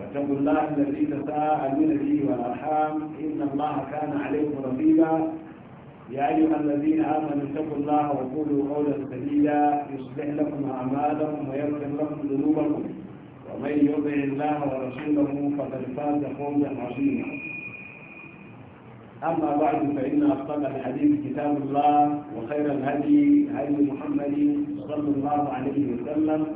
واتقوا الله الذي تساءلون به والارحام ان الله كان عليكم رقيبا يا ايها الذين امنوا اتقوا الله وقولوا قولا سديدا يصلح لكم اعمالكم ويغفر لكم ذنوبكم ومن يطع الله ورسوله فقد فاز فوزا عظيما أما بعد فإن أصدق الحديث كتاب الله وخير الهدي هدي محمد صلى الله عليه وسلم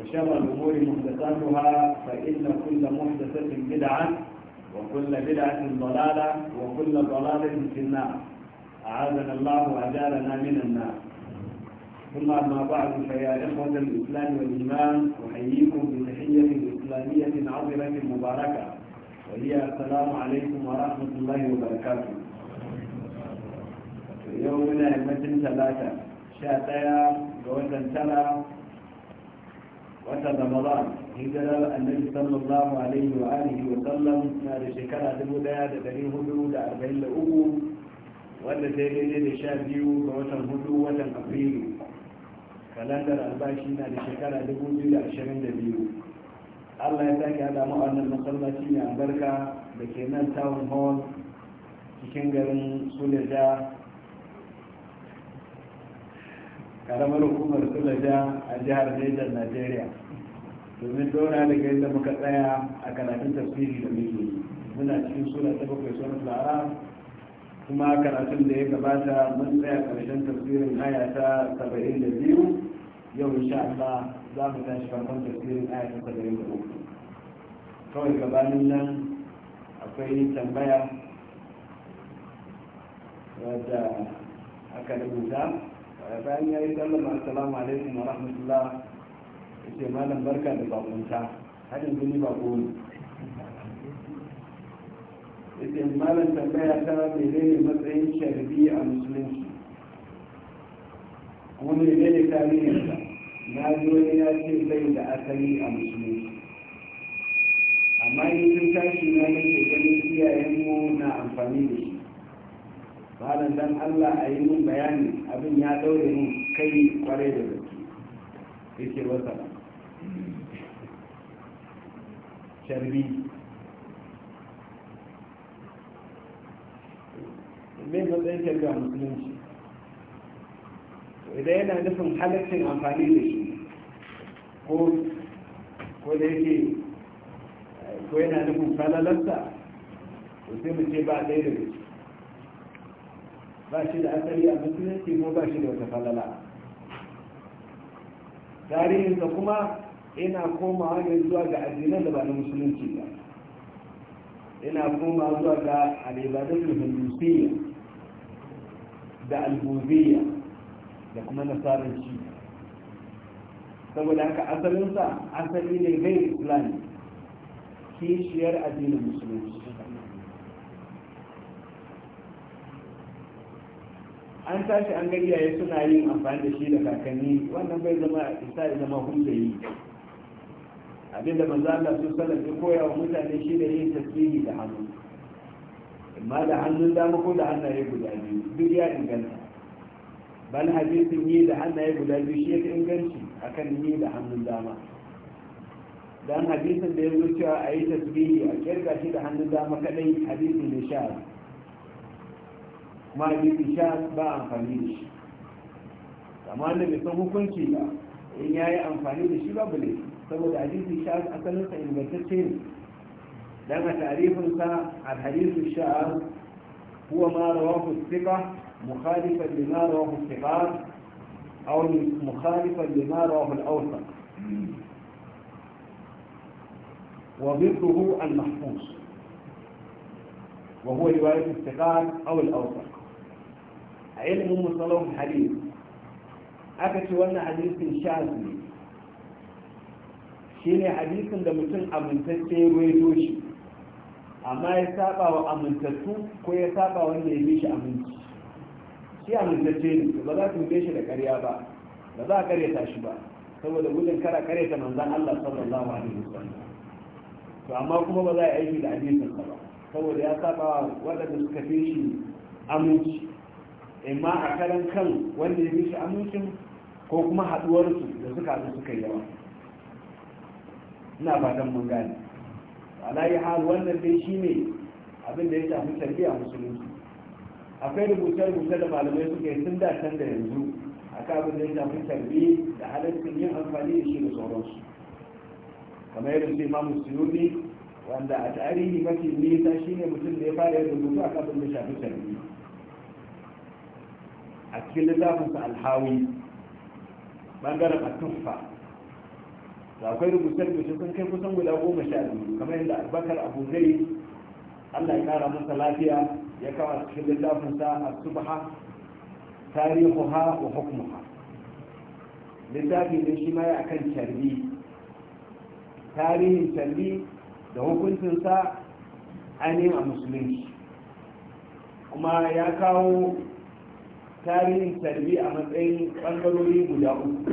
وشر الأمور محدثاتها فإن كل محدثة بدعة وكل بدعة ضلالة وكل ضلالة في النار أعاذنا الله وأجارنا من النار ثم أما بعد فيا إخوة الإسلام والإيمان أحييكم بتحية إسلامية عظيمة مباركة وهي السلام عليكم ورحمة الله وبركاته يومنا يوم ثلاثة شاتيا جوزا ترى watan ramadan hijirar annabi sallallahu alaihi wa alihi wa sallam na da shekara dubu daya da dari hudu da arba'in da uku wanda ta daidai da sha biyu ga watan hudu watan afrilu kalandar albashi na da shekara dubu biyu da ashirin da biyu allah ya sake hada mu wannan masallaci mai albarka da ke nan town hall cikin garin suleja karamar hukumar kulaja a jihar Nijar Najeriya domin dora daga yadda muka tsaya a karatun tafsiri da muke muna cikin sura ta bakwai ta lara kuma karatun da ya gabata mun tsaya karshen tafsirin aya ta saba'in da biyu yau insha Allah za mu tashi farkon tafsirin aya ta saba'in da uku kawai gabanin nan akwai tambaya wadda aka rubuta bayan ya yi sallama assalamu alaikum wa rahmatullah ya ce malam barka da bakunta hadin gini ba ne ya ce malam tambaya ta ne matsayin sharbi a musulunci kuma kare tarihinsa na zo ne ya ce zai da asali a musulunci amma yi sun tashi na yake ganin iyayenmu na amfani da shi malam dan Allah a yi min bayani abin ya daure min kai kware da zaki, yake wasa sharbi mai matsayin sharbi a musulunci idan yana nufin halittin amfani da shi ko ko da yake ko yana nufin falalarsa to sai mu ce ba ɗaya da ciki ba shi da asali a musulunci ko ba shi da wata falala tarihinsa kuma ina komawa ne zuwa ga addinan da ba na musulunci ba ina komawa zuwa ga alibadatul hindusiyya da albuziyya da kuma nasaranci saboda haka asalinsa asali ne gai islami kishiyar addinin musulunci an tashi an gari yayi suna yin amfani da shi da kakanni wannan bai zama isa da zama abin abinda manzo Allah su sallam ya koya wa mutane shi da yin tasbihi da hannu amma da hannun dama ko da hannaye guda biyu duk ya inganta Ban hadisin yi da hannaye guda biyu shi yake inganci akan yi da hannun dama dan hadisin da ya zo cewa a yi tasbihi a kirga shi da hannun dama kadai hadisin da sha'a. ma yi sha ba amfani da shi amma da bai san hukunci ba in ya yi amfani da shi babu ne saboda hadisi sha asalinsa ingantacce ne dan a tarifinsa a hadisu sha huwa ma rawahu thiqa mukhalifan lima rawahu thiqa aw mukhalifan lima rawahu al-awsaq وضده المحفوظ وهو رواية الثقات أو الأوثق a ilimin musalon hadis aka ce wannan hadisin shazi ne shi ne hadisin da mutum amintacce ya ruwaito shi amma ya saba wa amintattu ko ya saba wanda ya bi shi aminci shi amintacce ne ba za su bi shi da ƙarya ba ba za a karyata shi ba saboda gudun kara ta manzan Allah sallallahu alaihi wasallam to amma kuma ba za a aiki da hadisin ba saboda ya saba wa waɗanda suka fi shi aminci imma a karan kan wanda ya bishi amincin ko kuma haduwarsu da suka haɗu suka yawa ina fatan mun gane alayi hal wannan dai shi ne abin da ya shafi tarbiyya musulunci akwai rubuce-rubuce da malamai suka yi tun da can da yanzu a kabin da ya shafi tarbiyya da halittin yin amfani da shi da sauransu kamar yadda su imamu suyuni wanda a tarihi mafi nisa shine mutum da ya fara yin rubutu a kabin da shafi tarbiyya a cikin littafinsa alhawi bangaren atufa da akwai rubuce-rubuce sun kai kusan guda goma sha biyu kamar yadda albakar abu zai allah ya kara masa lafiya ya kawo cikin littafinsa a subha tarihuha wa hukmuha littafi ne shi ma ya kan carbi tarihin carbi da hukuncinsa ainihin a musulunci kuma ya kawo tarihin tarbi a matsayin ɓangarori guda uku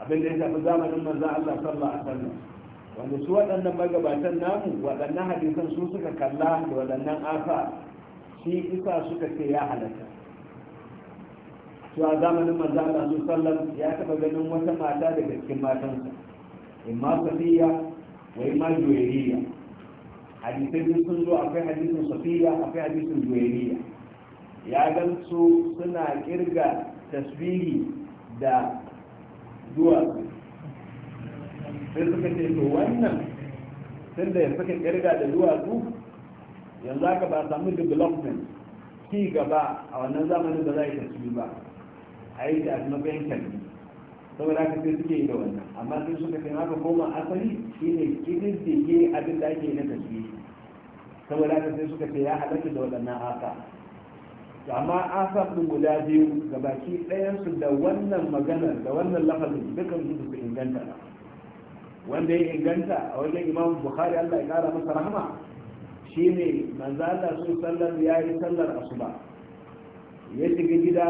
abin da ya tafi zamanin manza Allah sallallahu alaihi wasallam wanda su waɗannan magabatan namu waɗannan hadisan su suka kalla da waɗannan asa shi isa suka ce ya halatta su a zamanin manza Allah sallallahu ya taɓa ganin wata mata daga cikin matansa in ma safiya wa ma juwairiya hadisai sun zo akwai hadisin safiya akwai hadisin juwairiya ya su suna kirga tasbihi da duwatsu sai suka ce to wannan tunda ya suka kirga da duwatsu yanzu aka ba samu development ci gaba a wannan zamanin da za a yi tasiri ba a yi da matsayin kalli saboda haka sai suke yi da wannan amma sai suka ce haka koma asali shine ke abin da ake na taswiri? saboda haka sai suka ce ya halatta da waɗannan haka amma asar ɗin guda biyu ga baki ɗayansu da wannan maganar da wannan lafazin duka su su inganta ba wanda ya inganta a wajen imam bukhari allah ya kara masa rahama shi ne manzo allah su sallar ya yi sallar asuba ya shiga gida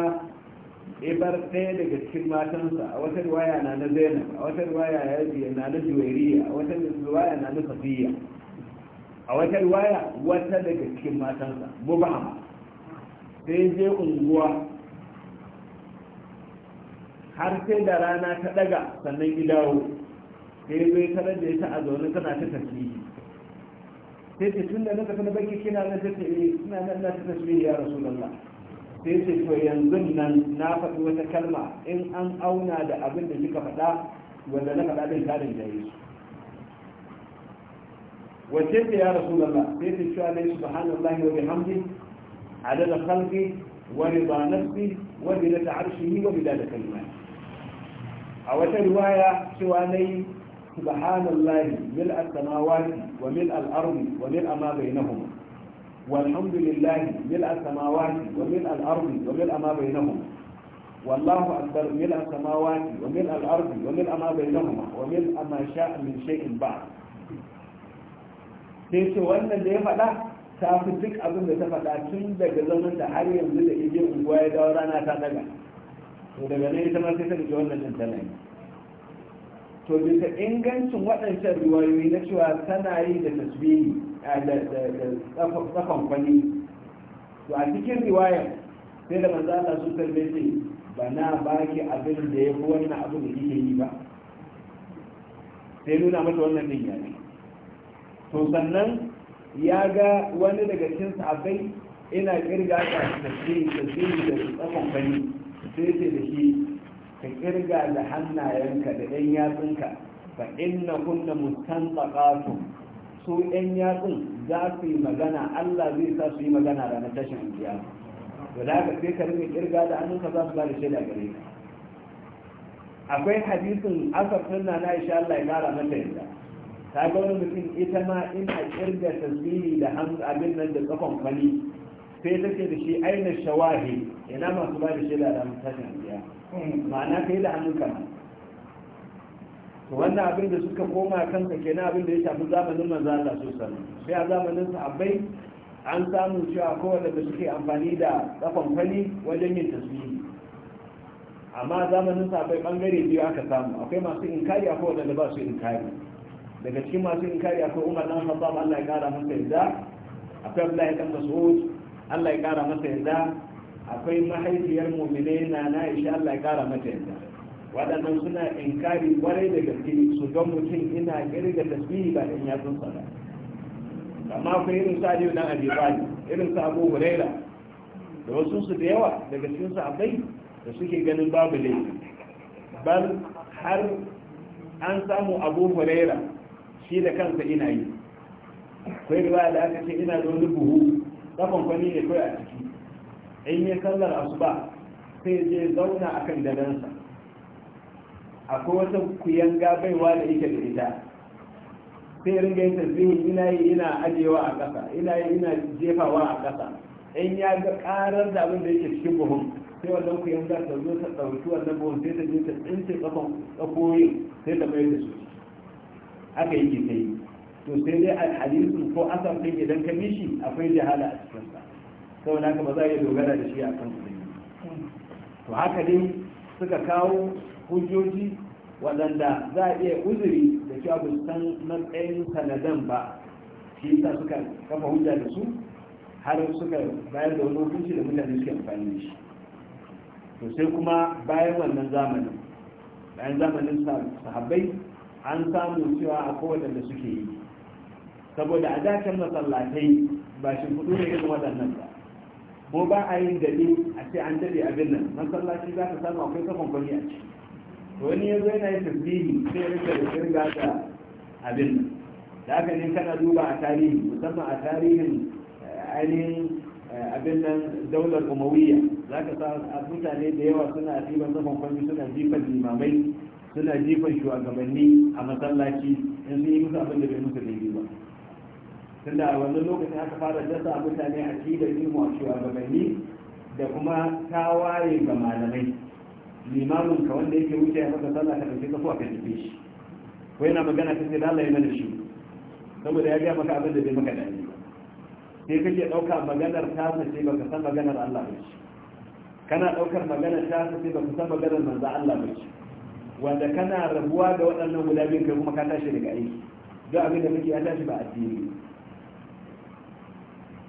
ya bar ɗaya daga cikin matansa a wata riwaya na na zainab a wata riwaya na na juwairiya a wata riwaya na na safiya a wata riwaya wata daga cikin matansa mubahama sai je unguwa har sai da rana ta daga sannan ki dawo sai zai tarar da ita a zaune tana ta tafi sai ce tun da na tafi na baki kina na ta tafi eh, ina nan na ta tafi ya rasu lalla sai ce to yanzu nan na faɗi wata kalma in an auna da abin da kika faɗa wanda na faɗa ɗin tarin yi su wace ce ya lalla sai ce cewa ne subhanallahi wa bihamdi عدد خلقه ورضا نفسه وزنة عرشه ومداد كلمات أو رواية سواني سبحان الله ملء السماوات وملء الأرض وملء ما بينهما والحمد لله ملء السماوات وملء الأرض وملء ما بينهما والله أكبر ملء السماوات وملء الأرض وملء ما بينهما وملء ما شاء من شيء بعد sai ce wannan da ta fi duk abin da ta faɗa tun daga zaman da har yanzu da ije unguwa ya dawo rana ta daga to daga nan ita ma sai ta rike wannan jin tana yi to bisa ingancin waɗancan riwayoyi na cewa tana yi da tasbihi da tsakon kwani to a cikin riwayar sai da manzo Allah su tarbe ce ba na baki abin da ya fi wannan abin da kike yi ba sai nuna mata wannan din ya ne to sannan ya ga wani daga cikin sahabbai ina kirga ta da tasiri da tsakon bani sai ce da shi ka kirga da hannayenka da ɗan yatsunka fa inna kunna mustanqaqatu su ɗan yatsun za su yi magana Allah zai sa su yi magana ranar tashin jiya. to da ka sai ka rinka kirga da hannunka za su ba da shaida gare ka akwai hadisin asar sunna na insha Allah ya kara mata yadda ta ga wani mutum ita ma ina kirga tasbihi da hannu abin nan da tsakon fali sai ta ce da shi aina shawahi ina masu ba da shaida da mutashin biya ma'ana ka yi da hannun kama wannan abin da suka koma kansa kenan abin da ya shafi zamanin manzo Allah su sallu sai a zamanin sahabbai an samu cewa kowanne da suke amfani da tsakon fali wajen yin tasbihi amma zamanin sahabbai bangare biyu aka samu akwai masu inkari akwai wanda ba su inkari daga cikin masu yin kari akwai umar dan khattab Allah ya kara masa yadda akwai Abdullahi dan Mas'ud Allah ya kara masa yadda akwai mahaifiyar mu'mine na Aisha Allah ya kara mata yadda waɗannan suna kari kwarai da gaske su ga mutum ina kirga tasbihi ba in ya sun ba amma akwai irin sa Aliyu dan Abi irin sa Abu Huraira da wasu su da yawa daga cikin sahabbai da suke ganin babu laifi bal har an samu Abu Huraira shi da kansa ina yi kai riwaya da aka ce ina da wani buhu kafin kwani ne kai a ciki in yi sallar asuba sai je zauna a kan dadansa akwai wata kuyanga baiwa da yake da ita sai ringa yin tasbihi ina yi ina ajewa a ƙasa ina yi ina jefawa a ƙasa in ya ga karar da abin da yake cikin buhun sai wannan kuyanga ta zo ta ɗauki wannan buhun sai ta je ta tsince kafan tsakoyin sai ta mai da su haka yake ta yi to sai dai alhadisun ko asan ɗin idan ka mishi akwai jahala a cikinsa saboda haka ba za a iya dogara da shi a kan to haka dai suka kawo hujjoji waɗanda za a iya uzuri da cewa ba san matsayin sanadan ba shi yasa suka kafa hujja da su har suka bayar da wani hukunci da mutane suke amfani da shi to sai kuma bayan wannan zamanin bayan zamanin sahabbai an samu cewa a da suke yi saboda a dakin masallatai ba shi kudu ne irin waɗannan ba ko ba a yin daɗi a ce an daɗe abin nan masallaci za ka samu akwai kafan kwani a ciki wani ya zo yana yin tasbihi sai rinka da shirga da abin nan da haka ne kana duba a tarihi musamman a tarihin eh, ainihin eh, abin nan daular umawiyya za ka sa mutane da yawa suna ɗiban kafan kwani suna jifan limamai suna jifan shugabanni a masallaci in sun yi musu abin da bai musu daidai ba tunda a wannan lokacin aka fara dasa mutane a ci da ilmu a shugabanni da kuma tawaye ga malamai limamin ka wanda yake wuce ya maka sallah ka dauki kafuwa ka tafi shi ko yana magana ka sai Allah ya mana shi saboda ya ga maka abin da bai maka dadi sai kake dauka maganar ta sai baka san maganar Allah ba kana daukar maganar ta sai baka san maganar manzo Allah ba wanda kana rabuwa ga waɗannan guda biyu kai kuma ka tashi daga aiki don abin da muke ya tashi ba addini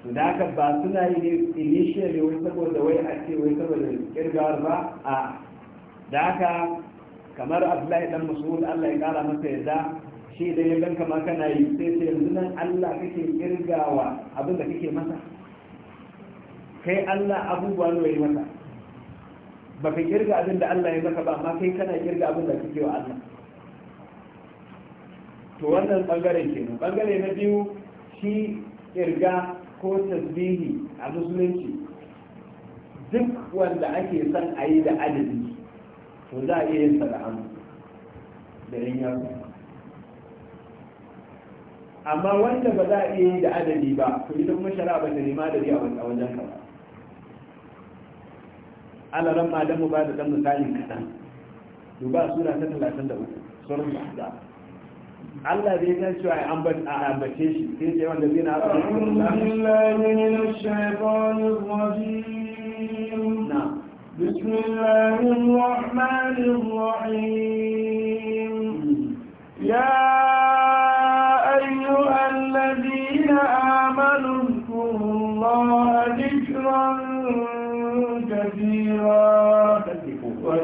to da haka ba suna yi ne initially wai saboda wai a ce wai saboda kirgawar ba a da haka kamar abdullahi dan mas'ud Allah ya kara masa yadda shi idan ya ganka ma kana yi sai sai yanzu nan Allah kake kirgawa abin da kake masa kai Allah abubuwa ne yi masa ba ka kirga abin da Allah ya maka ba amma kai kana kirga abin da kake wa Allah to wannan bangare kenan bangare na biyu shi kirga ko tasbihi a musulunci duk wanda ake son a yi da adadi to za a iya sa da hannu da ya yaro amma wanda ba za a iya yi da adadi ba to idan mashara ba ta nema da a wajen ka ba alaran ma dan ba da dan misalin kadan duba sura ta 33 surar ahzab Allah bai san cewa an ba a ambace shi sai ce wanda zai na shaytanir rajim na bismillahir rahmanir rahim hmm. ya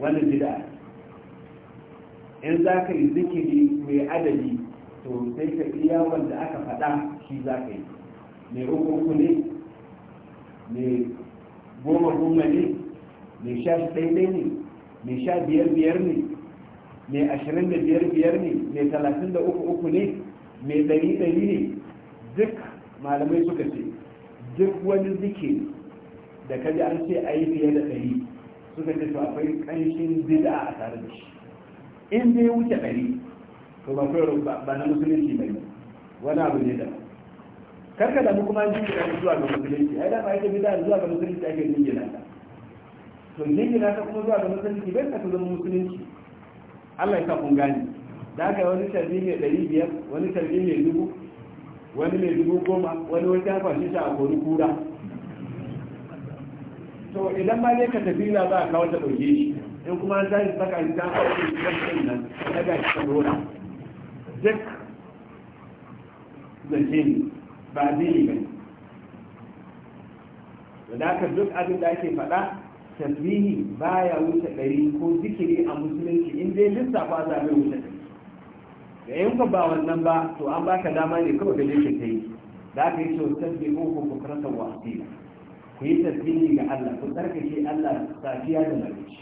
wani bid'a in za ka yi zikiri mai adadi to sai ka iya wanda aka faɗa shi za ka yi mai uku ne mai goma goma ne mai sha ɗaiɗai ne mai sha biyar biyar ne mai ashirin da biyar biyar ne mai talatin da uku uku ne mai ɗari ɗari ne duk malamai suka ce duk wani zikiri da kaji an ce a yi fiye da ɗari suka ce to akwai kanshin bid'a a tare da shi in dai wuce ɗari to ba kawai ba na musulunci ba ne wani abu ne da karka da kuma an jingina zuwa ga musulunci ai da ba ake bid'a zuwa ga musulunci ake jingina ta to jingina ta kuma zuwa ga musulunci bai ka zama musulunci Allah ya sa kun gane da aka wani sharbi mai ɗari biyar wani sharbi mai dubu wani mai dubu goma wani wani ya kwashe shi a kori kura to idan ba ne ka tafi na za a kawo ta ɗauke shi in kuma an zai saka shi ta kawo shi ta ɗauke nan ta ga shi ta duk zance ne ba zai ba ne da ka duk abin da ake faɗa tasbihi ya wuce ɗari ko zikiri a musulunci in dai lissafa za mai wuce ɗari da yin ba wannan ba to an baka dama ne kawai da yake ta yi za ka yi ce wasu ko kuma wa ku yi tasbihi ga Allah ku tsarkake Allah safiya da marici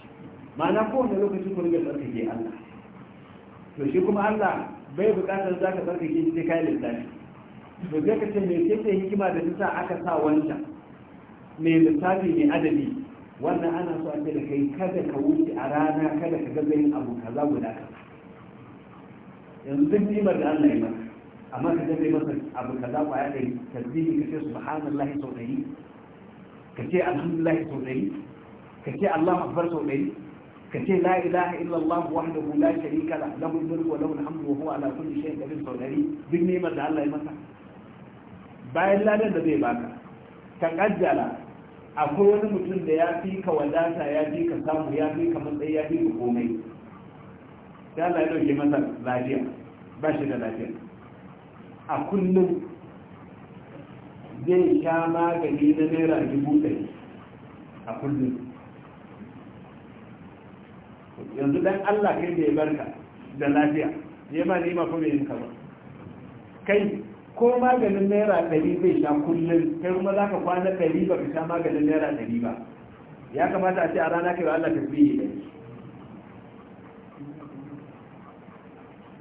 ma'ana kowane lokaci ku riga tsarkake Allah to shi kuma Allah bai bukatar za ka tsarkake shi sai kai lissafi to zai ka ce me ce ce hikima da ta aka sa wancan me lissafi ne adadi wannan ana so a ce da kai kada ka wuce a rana kada ka gaza yin abu kaza guda kaza yanzu duk nimar da Allah ya maka amma ka gaza masa abu kaza kwaya ɗari tasbihi ka ce subhanallahi sau ɗari ka ce alhamdulillah sau ɗari ka ce allah akbar sau ɗari ka ce la ilaha illallah wahdahu la sharika la lahu mulku wa lahu alhamdu wa huwa ala kulli shay'in qadir sau ɗari duk ni'imar da allah ya masa bayan ladan da zai baka ka kaddara akwai wani mutum da ya fi ka wadata ya fi ka samu ya fi ka matsayi ya fi ka komai sai Allah ya dauke masa lafiya ba shi da lafiya a kullum zai sha magani na naira dubu ɗari a kullum yanzu dan allah kai da ya barka da lafiya ya ma nema ko bai yinka ba kai ko maganin naira ɗari zai sha kullum kai kuma za ka kwana ɗari ba ka sha maganin naira ɗari ba ya kamata a ce a rana kai wa allah tasbihi ɗari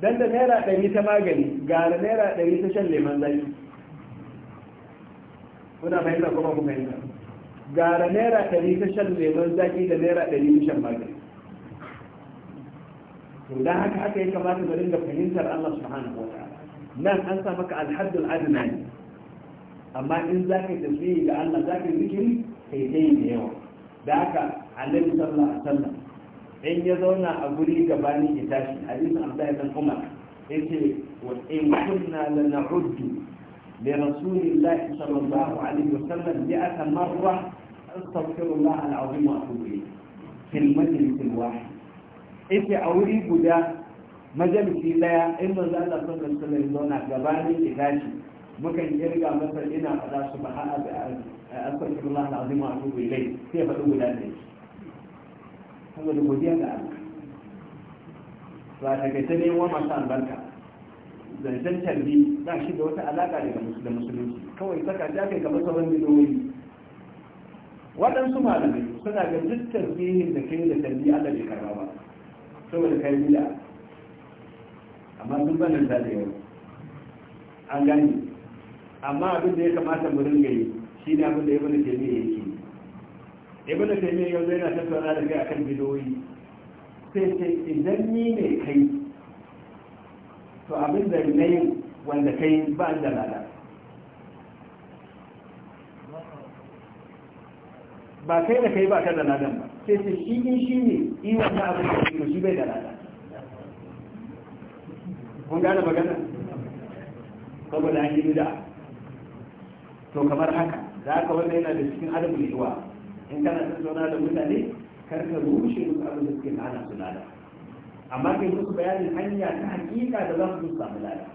dan da naira ɗari ta magani ga naira ɗari ta shan leman zaki kuna fahimta kuma kuma fahimta gara naira ɗari ta shan lemon zaƙi da naira ɗari ta shan magani to dan haka haka ya kamata mu dinga fahimtar Allah subhanahu wa ta'ala nan an sa maka alhaddul adna ne amma in zaka tafi ga Allah zaka zikiri kai dai da yawa da haka annabi sallallahu alaihi wasallam in ya zauna a guri gabani ya tashi hadisin Abdullahi bin Umar yace wa in kunna lana'uddu لرسول الله صلى الله عليه وسلم مئة مرة استغفر الله العظيم وأتوب إليه في المجلس الواحد إيش أوري بدا مجلس لا إن زال صلى الله عليه وسلم دون أجباني إذاش ممكن يرجع مثلا إنا فلا سبحان أستغفر الله العظيم وأتوب إليه كيف أتوب إلى ليش؟ هذا المدير قال فأنا كتبت وما شاء البركه zancen talbi ba shi da wata alaƙa da musulunci kawai saka ta kai kamar sauran bidoyi waɗansu malamai suna ga duk tarbihin da kai da tarbi Allah bai karba ba saboda kai bida amma sun bane ta da yau an gani amma abin da ya kamata mu ringa yi shi ne abin da ibn taymiya yake ibn taymiya yau yana tattauna da kai akan bidoyi sai sai idan ni ne kai to abin da na yin wanda kai ba da lada ba kai da kai ba ka da ladan ba sai su shi yi shi ne yi wanda abin da shi shi bai da lada kun gane magana saboda an yi da to kamar haka za ka wanda yana da cikin ne wa in kana zauna da mutane kar ka rushe musu abin da suke hana su lada amma kai musu bayanin hanya ta hakika da za su samu lada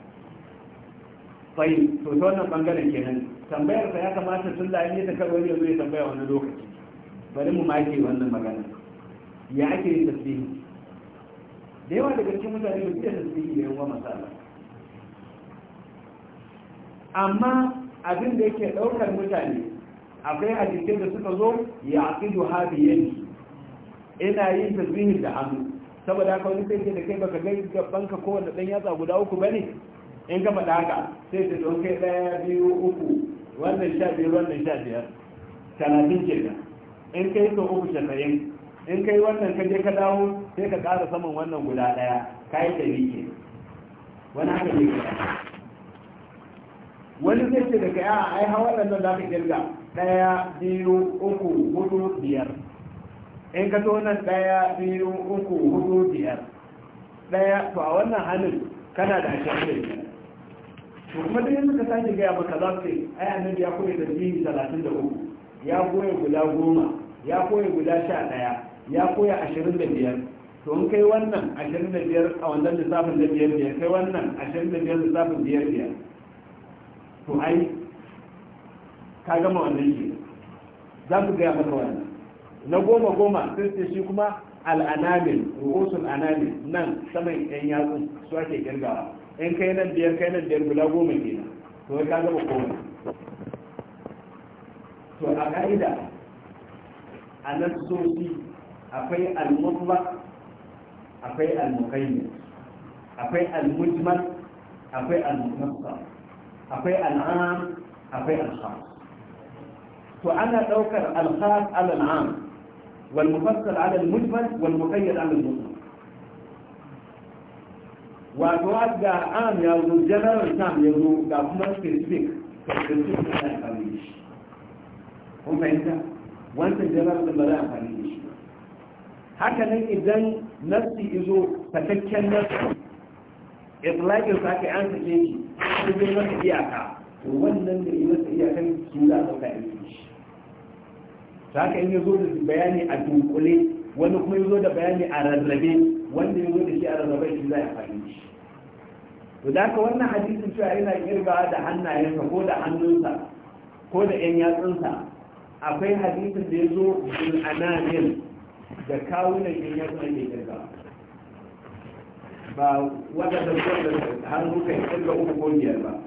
fai to ta wannan bangaren kenan tambayar ka ya kamata tun layin ne ta karo ne zai tambaya wani lokaci bari mu mace wannan magana ya ake yin tasbihi da yawa daga cikin mutane da suke tasiri tasbihi da yawa masala amma abin da yake ɗaukar mutane akwai hadisin da suka zo ya aqidu hadiyani ina yin tasbihi da hannu saboda haka wani sai ce da kai baka ga gaban ka kowanne dan yatsa guda uku bane in ka faɗa haka sai ta don kai ɗaya biyu uku wannan sha biyu wannan sha biyar talatin da in kai so uku casa'in in kai wannan ka je ka dawo sai ka kara saman wannan guda ɗaya ka yi ɗari wani haka ne wani zai ce da kai a ai hawa nan da ka kirga daya biyu uku hudu biyar in ka zo nan ɗaya biyu uku hudu biyar ɗaya to a wannan hannun kana da ashirin da biyar to kuma dai yanzu ka sake gaya maka za su ai annabi ya koya tasbihi talatin da uku ya koya guda goma ya koya guda sha ɗaya ya koya ashirin da biyar to in kai wannan ashirin da biyar a wannan lissafin da biyar biyar kai wannan ashirin da biyar lissafin biyar biyar to ai ka gama wannan shi. za ku gaya maka wannan na goma goma sun ce shi kuma al'anamin rukusul anamin nan saman yan yatsu su ake girgawa Yan kai nan biyar kai nan biyar guda goma ke nan, to ka zama goma to a ka'ida a shi akwai al akwai al akwai al-mujmal akwai al-mufassal akwai al-am akwai al to ana daukar al-khas al-am والمفصل على المجمل والمقيد على المطلق وأتواد جاء عام يوضو الجبل والسام يوضو جاء كما سبيسبيك سبيسبيك لا يفعليش هم فهمت وانت الجبل لما لا يفعليش هكذا إذن نفسي إذو تفكر نفسي إطلاق الفاكي عن تجيجي تجيجي إياكا wannan da yi masa iyakan su ta haka in ya zo da bayani a dunkule wani kuma ya zo da bayani a rarrabe wanda ya zo da shi a rarrabe shi za a fahimci to da haka wannan hadisin cewa yana kirga da hannayensa ko da hannunsa ko da yan yatsunsa akwai hadisin da ya zo bin ananin da kawunan yan yatsun ke kirga ba wadanda da hannukan kirga uku ko biyar ba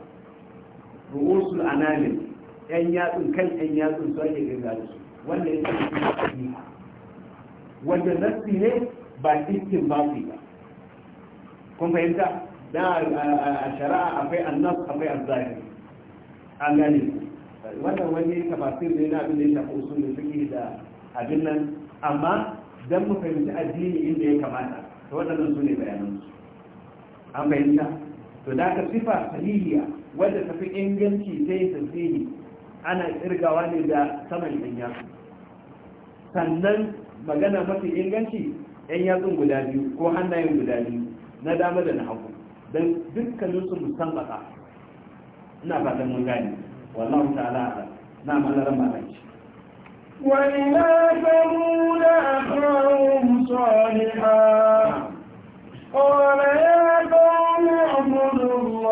ru'usul ananin yan yatsun kan yan yatsun su ake kirga da su wanda ya tafi wanda nassi ne ba cikin ba ba kun fahimta da a shari'a akwai annas akwai azzahiri an gane wannan wani tafasir ne na abin da ya shafi da suke da abin nan amma dan mu fahimci addini inda ya kamata to waɗannan su ne bayanan su an fahimta to da ka sifa sahihiya wadda ta fi inganci ta yi tasiri ana kirgawa ne da saman yan yatsu sannan magana mafi inganci yan yatsun guda biyu ko hannayen guda biyu na dama da na hagu don dukkanin su musambata ina fatan mun gane wallahu ta'ala na malaran malanci وإلى ثمود أخاهم صالحا قال يا قوم اعبدوا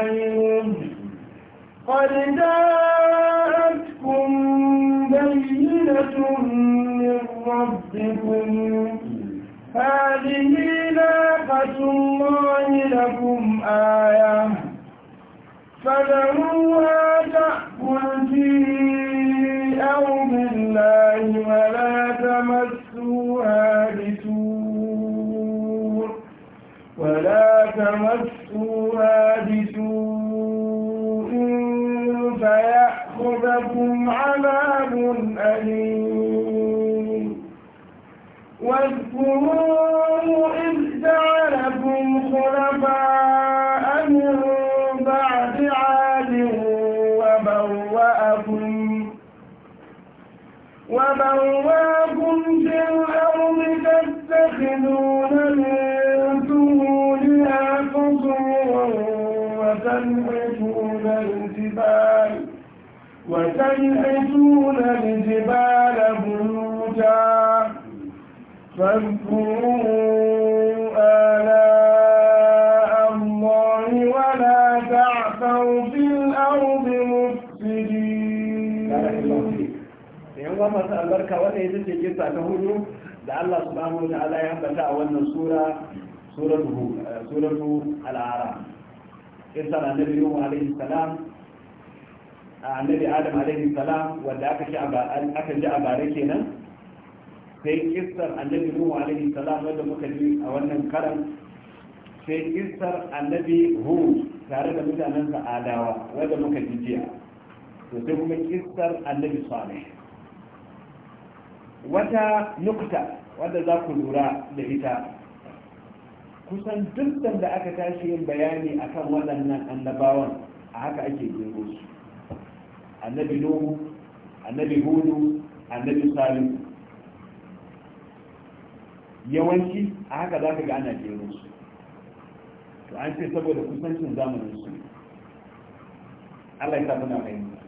غيره قد جاءتكم بينة من ربكم هذه ناقة الله لكم آية فذروها تأكل في أرض الله ولا تمسوها بسوء ولا تمسوها لكم عذاب أليم واذكروا يستيقظون الجبال بيوتا فاذكروا آلاء الله ولا تعثوا في الأرض مفسدين. يوم ما سألتك ولا يزيد جزء da Allah subhanahu wa ta'ala ya bata a wannan sura suratu suratu al-a'raf irsa annabi nuhu alaihi salam annabi adam alaihi salam wanda aka ji a bare kenan sai kissar annabi nuhu alaihi salam wanda muka ji a wannan karan sai kissar annabi hu tare da mutanensa adawa wanda muka ji jiya to sai kuma kissar annabi salih wata nukta wanda za ku lura da ita kusan dukkan da aka tashi yin bayani akan waɗannan annabawan a haka ake jero su annabi nuhu annabi hudu annabi salim yawanci a haka za ka ga ana jero su to an ce saboda kusancin zamanin su Allah ya sa muna fahimta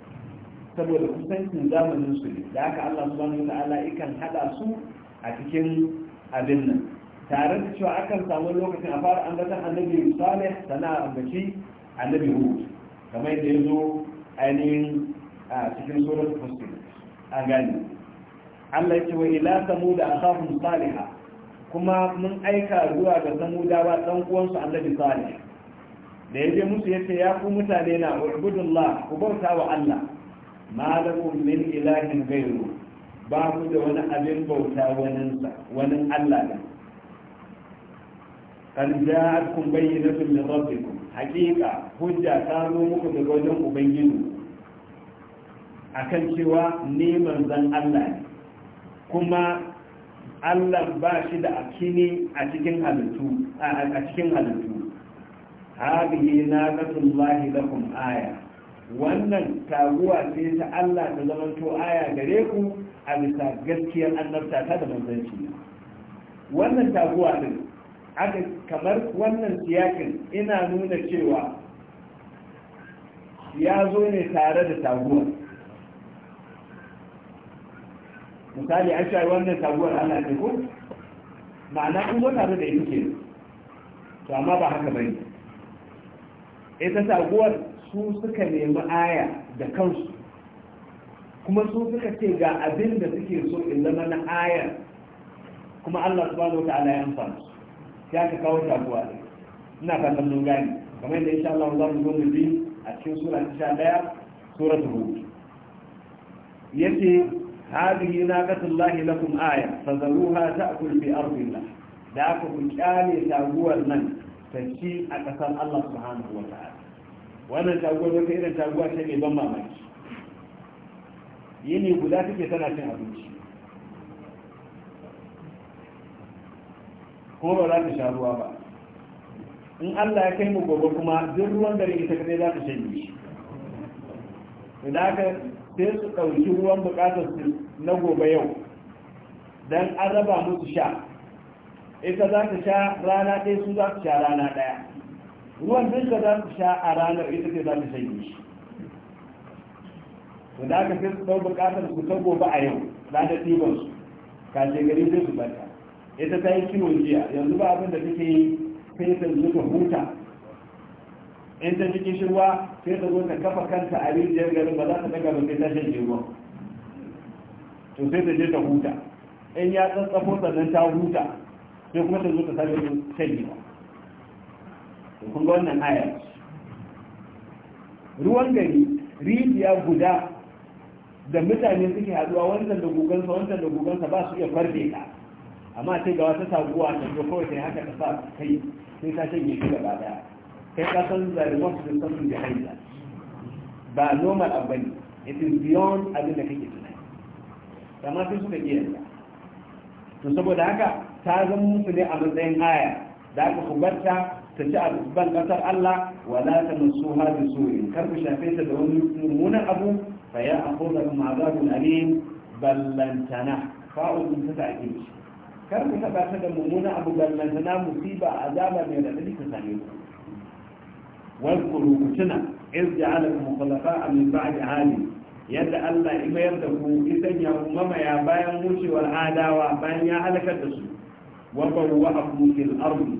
saboda kusancin zamanin su ne da haka Allah subhanahu wa ta'ala ikan hada su a cikin abin nan tare da cewa akan samu lokacin a fara gata annabi salih sana ambaci annabi hudu kamar yadda ya zo ainihin a cikin suratul fusilat a gani Allah ya ce wa ila samuda akhahum salih kuma mun aika zuwa ga ba dan Allah annabi salih da yaje musu yace ya ku mutane na ubudullah ku bauta wa Allah ma lakum min ilahin ghayru ba ku da wani abin bauta waninsa wani Allah ne kan ja'atkum bayyinatun min rabbikum haqiqa hujja ta zo muku daga wajen ubangiji akan cewa ni manzan Allah ne kuma Allah ba shi da akini a cikin halittu a cikin halittu hadihi naqatullahi lakum aya wannan taguwa ce ta Allah ta zamanto aya gare ku a bisa gaskiyar annabta ta da manzanci wannan taguwa din haka kamar wannan siyakin ina nuna cewa ya zo ne tare da taguwar misali an shi wannan taguwar Allah ne ko ma'ana kun zo tare da yake to amma ba haka bane ita taguwar su suka nemi aya da kansu kuma su suka ce ga abin da suke so in zama na ayar kuma Allah subhanahu wa ta'ala ya amfana ya ka kawo taguwa ina fatan mun gani kamar yadda insha Allah za mu zo mu bi a cikin sura ta 11 suratul hud yace hadhihi na lakum aya fazaruha ta'kul bi ardillah da aka ku kyale taguwar nan ta a kasar Allah subhanahu wa ta'ala wannan taguwar wata irin taguwa ce mai ban mamaki yini guda take tana cin abinci ko za ta sha ruwa ba in Allah ya kai mu gobe kuma duk ruwan dare ita kadai za ta shanye shi da sai su ɗauki ruwan bukatar su na gobe yau don an raba musu sha ita za ta sha rana ɗaya su za su sha rana ɗaya ruwan duka za su sha a ranar ita ce za ta shanye shi su da aka sai su ɗau bukatar su ta gobe a yau ranar ɗiban su kashe gari sai su barka ita ta yi kiwon jiya yanzu ba abin da take yi sai ta zuka huta in ta cikin shirwa sai ta zo ta kafa kanta a rijiyar garin ba za ta daga ba sai ta shan shirwa to sai ta je ta huta in ya tsatsafo sannan ta huta sai kuma ta zo ta sake shan ba to kun ga wannan ayar ruwan gari rijiya guda da mutane suke haduwa wancan da gugansa wancan da gugansa ba su iya farbe ka amma sai ga wata saguwa ta zo kawai sai haka ta sa kai sai ta shan shi gaba daya kai kasan zari zalimar su sun da hanya ba normal abu bane it is beyond abin da kake tunani amma sai suka iya yarda to saboda haka ta zama musu ne a matsayin aya da aka kubarta ta ci ban kasar Allah wala ta har da suyin kar ku shafe ta da wani mummunan abu fa ya akwai da kuma azabun alim ballantana fa'udun ta ta kar ku taba ta da mummunan abu ballantana musiba azaba mai radadi ta same ku واذكروا كتنا إذ جعلكم خلفاء من بعد Ali, yadda Allah mayar da ku isan ya umama bayan wucewar adawa bayan ya halakar da su wa bawwa akum fil ardi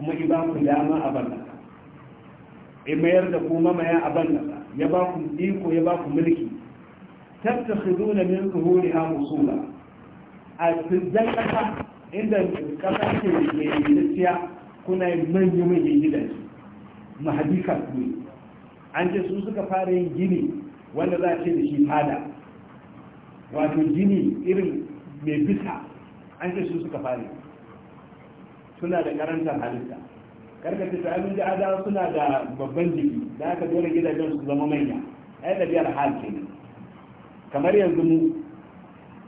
kuma iba ku dama a banna mayar da ku mama ya a banna ya ba ku iko ya ba ku mulki tattakhiduna min zuhuriha musula a tsinjan kasa inda kasa ke ke kuna manyan manyan gidaje mahadika ne an ce su suka fara yin gini wanda za a ce da shi fada wato gini irin mai bisa an ce su suka fara suna da karantar halitta ce ta abin da adawa suna da babban jiki da aka dole gidajen su zama manya ai biyar hal ke kamar yanzu mu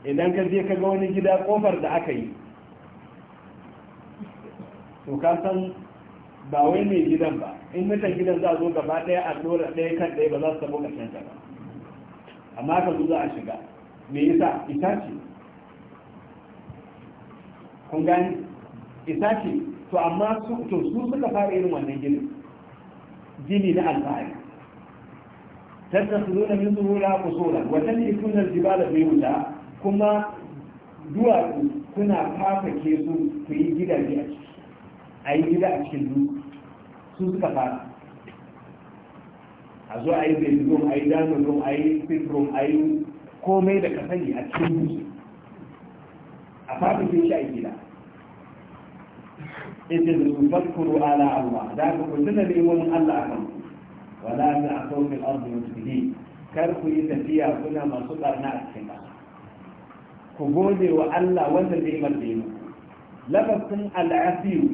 idan ka je ka ga wani gida kofar da aka yi to ka san ba wai mai gidan ba in mutan gidan za a zo gaba ɗaya a dora ɗaya kan ɗaya ba za su samu ƙarshen ta ba amma ka zo za a shiga me yasa ita ce kun gani ita ce to amma su to su suka fara irin wannan gini gini na alfahari su zo da min zuhura qusura wa tanifuna bai wuta kuma duwatsu kuna fafake su ku yi gidaje a ciki a yi gida a cikin duk su suka fara a zo a yi bedroom a yi dining room a yi sit room a yi komai da ka sani a cikin duk a fatan sai shi a gida ita da su fakuru ala Allah da ku kuntu da neman Allah a kan wala ta a sauƙin arzu musulmi kar ku yi tafiya kuna masu ƙarna a cikin ƙasa ku gode wa Allah wanda zai mar da yi lafafin al'afiyu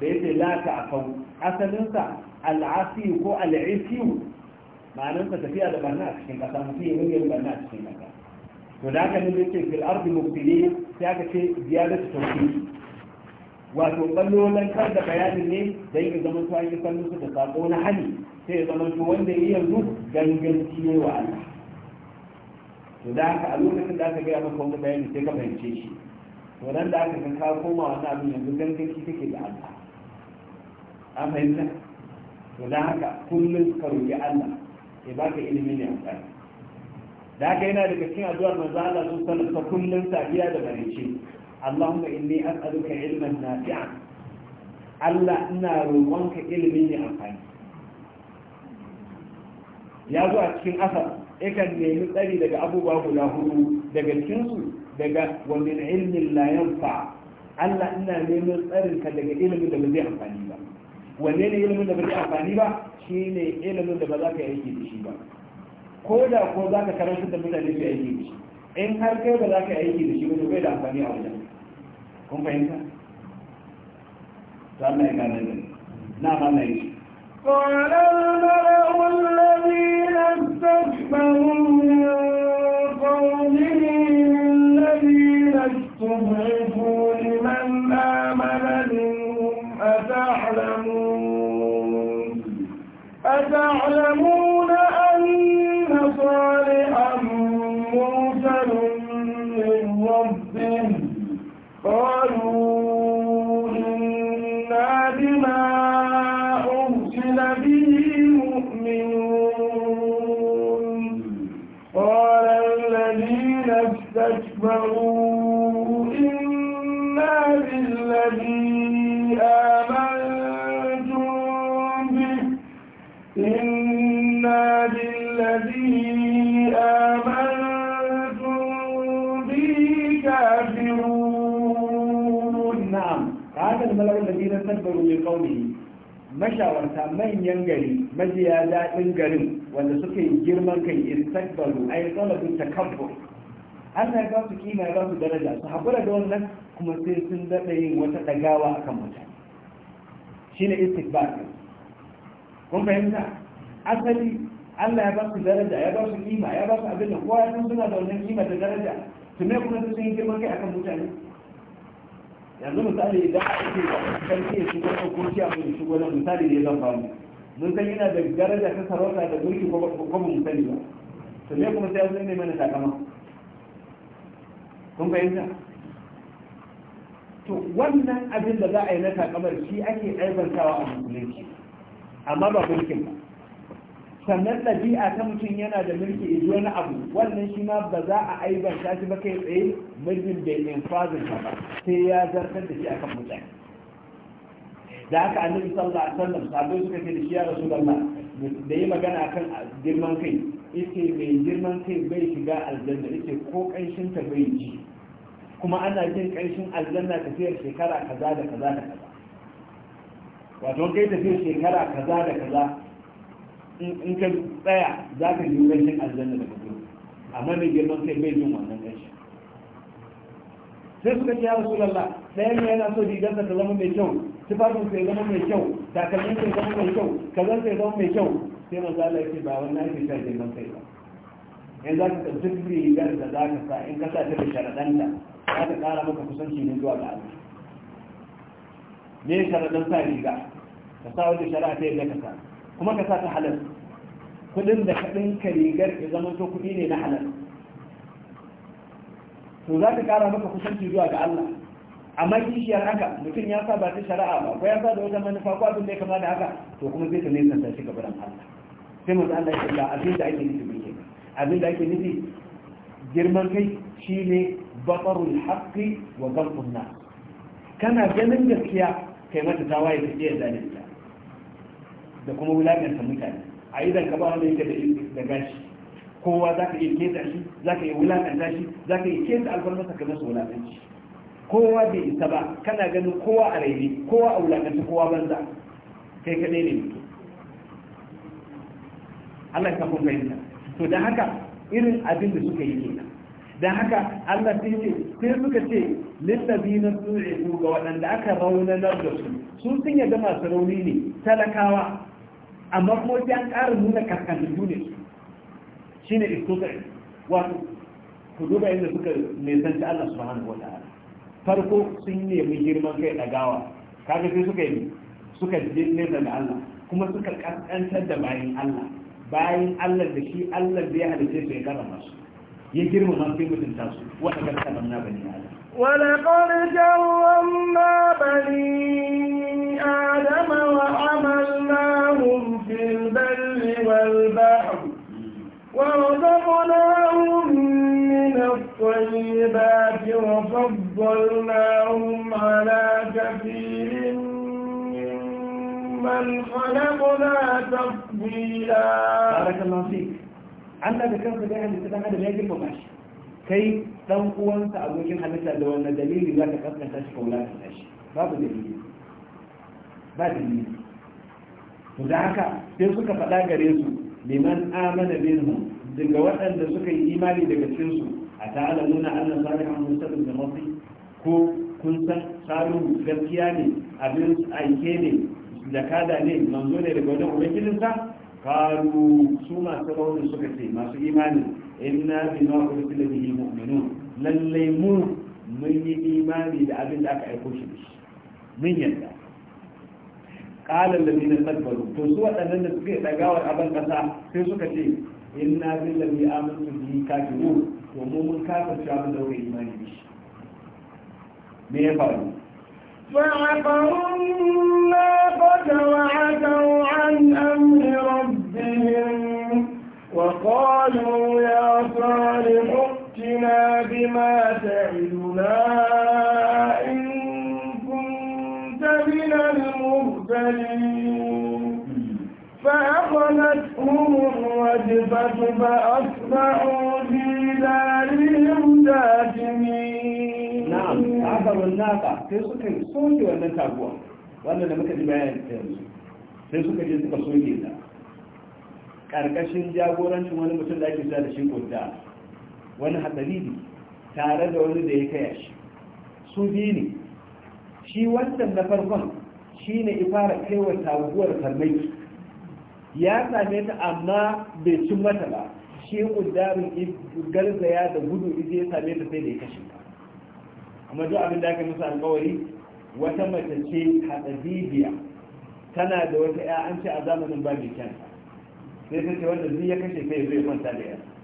da yake la ta'fau asalinsa al'asi ko al'isiu ma'anarsa tafiya da barna a cikin ƙasa, mutum ya rinka barna a cikin ƙasa. to da aka ne da yake fil ardi mubtilin sai aka ce ziyadatu tawfiq wato ballolan kar da bayanin ne da yake zaman su an yi sannu su da saƙo na hali sai ya zama su wanda ya yanzu ganganci ne wa Allah to da haka a lokacin da aka gaya maka wani bayani sai ka fahimce shi to nan da aka ka koma wannan abin yanzu ganganci kake da Allah amince to don haka kullum ka roƙi Allah ya baka ilimi ne amfani da haka yana daga cikin addu'ar manzo Allah sun sallar ta kullum safiya da barici Allahumma inni as'aluka ilman nafi'an Allah ina roƙonka ilimi ne amfani ya zo a cikin asar yakan nemi tsari daga abubuwa guda hudu daga su daga wa min ilmin la yanfa Allah ina neman tsarin ka daga ilimin da ba zai amfani ba wanne ne ilimin da ba zai amfani ba shi ne ilimin da ba za ka yi aiki da shi ba ko da ko za ka karanta da mutane su aiki da shi in har kai ba za ka yi aiki da shi ba to bai da amfani a wajen kun fahimta to Allah ya gane da na ba na yi قال الملأ الذين استكبروا istakbaru min qawlihi mashawarta manyan gari majiya daɗin garin wanda suka yi girman kai istakbaru ay talabun takabbur Allah ya ba su kima ya ba su daraja su haƙura da wannan kuma sai sun daɗa yin wata ɗagawa akan mutane shine istikbar kun fahimta asali Allah ya ba su daraja ya ba su kima ya ba su abin da kowa ya san suna da wannan kima da daraja Su me kuma sun yi girman kai akan mutane yanzu misali idan a ce kan ce shigo ko kurci a mai shugo na misali ne zan bamu mun san yana da daraja ta sarauta da mulki ko ba mu sani ba to me kuma sai zan ne mana takama kun fahimta to wannan abin da za a yi na takamar shi ake aibantawa a musulunci amma ba mulkin ba sannan ɗabi'a ta mutum yana da mulki iji wani abu wannan shi ma ba za a aibanta shi ba kai tsaye mulkin bai infazin ka ba sai ya zartar da shi akan mutane da haka annabi sallallahu alaihi wasallam sabai suka ce da shi ya rasu da yi magana akan girman kai yace mai girman kai bai shiga aljanna yace ko ƙanshin ta bai ji kuma ana jin ƙanshin aljanna tafiyar shekara kaza da kaza da kaza wato kai tafiyar shekara kaza da kaza in ka tsaya za ka yi rashin aljanna daga gudu amma mai girman kai bai jin wannan rashin sai suka ce yawon sulalla lalla ɗaya ne yana so rigarsa ta zama mai kyau tufafin sai zama mai kyau takalmin sai zama mai kyau kazan sai zama mai kyau sai maza Allah ya ce ba wani ake sa girman kai ba in za ka ɗauki duk rigar da za ka sa in ka sa ta da sharaɗanta za ka ƙara maka kusanci ne zuwa ga abu me sharaɗan sa riga ka sa wata shara'a ta yadda ka sa kuma ka sa ta halal kudin da ka ɗinka rigar ya zama to kuɗi ne na halal to za ka ƙara maka kusanci zuwa ga Allah amma kishiyar haka mutum ya sa ta shari'a ba ko ya sa da wata manufa ko abin da ya kama da haka to kuma zai ta ta shiga gaban Allah sai mu Allah ya ce abin da ake nufi ne abin da ake nufi girman kai shine batarul haqqi wa ghamtun nas kana ganin gaskiya kai mata tawaye ta iya ta da kuma wulaƙanta mutane a idan ka ba wanda yake da gashi kowa za ka iya keta shi za ka iya wulaƙanta shi za ka iya keta alfarmasa ka masa wulakanci kowa bai isa ba kana ganin kowa a raini kowa a wulaƙanta, kowa banza kai kaɗai ne mutu. Allah ya kafin fahimta to da haka irin abin da suka yi kenan da haka Allah sai ce sai suka ce lillazina tu'idu ga waɗanda aka raunanar da su sun sun yadda masu rauni ne talakawa amma kuma sai ƙara nuna kaskantattu ne shi ne istokar wato ku duba yadda suka nisanci Allah subhanahu wa ta'ala farko sun nemi girman kai ɗagawa kaga sai suka yi suka je nesa da Allah kuma suka kaskantar da bayan Allah bayan Allah da shi Allah da ya halice su ya karama masu, ya girmama sai mutunta su wata kasa na bani Allah ولقد كرمنا بني آدم وآدم ورزقناهم من الطيبات وفضلناهم على كثير ممن خلقنا تفضيلا بارك الله فيك Allah da kansa zai halitta dan adam ya girmama shi kai dan uwansa abokin halitta da wannan dalili za ka kaskanta shi ka wulakanta shi babu dalili ba dalili to da sai suka faɗa gare su liman amana minhum daga waɗanda suka yi imani daga cikin su a ta'ala nuna Allah salihan musallu da mafi ko kun san salihu gaskiya ne abin aike ne da kada ne manzo ne daga wajen ubangijinsa kalu su masu rauni suka ce masu imani inna bima ursila bihi mu'minun lallai mu mun yi imani da abin da aka aiko shi mun yadda. kalan da nina sabbaru to su waɗannan da suke ɗagawar abin ƙasa sai suka ce inna billahi amantu bi kafirun to mu mun kafirce abin da wurin imani da shi me ya faru فعقروا الناقة وعتوا عن أمر ربهم وقالوا يا صالح ائتنا بما تعدنا فأخذتهم الرجفة فأصبحوا في دارهم جاثمين نعم عبروا الناقة سكن ولا ولا لم sai suka je suka ƙarƙashin jagorancin wani mutum da ake sa da shi wani tare da wani da ya kaya shi su biyu shi wancan na farkon shine ya fara kaiwa taguwar farmaki ya same ta amma bai cin mata ba shi kudarin garzaya da gudu ije ya same ta sai da ya kashe ta amma duk abin da aka musu alkawari wata mace ce hadabibiya tana da wata ya a zamanin babu kyanta sai ta ce wanda zai ya kashe sai zai kwanta da yarsa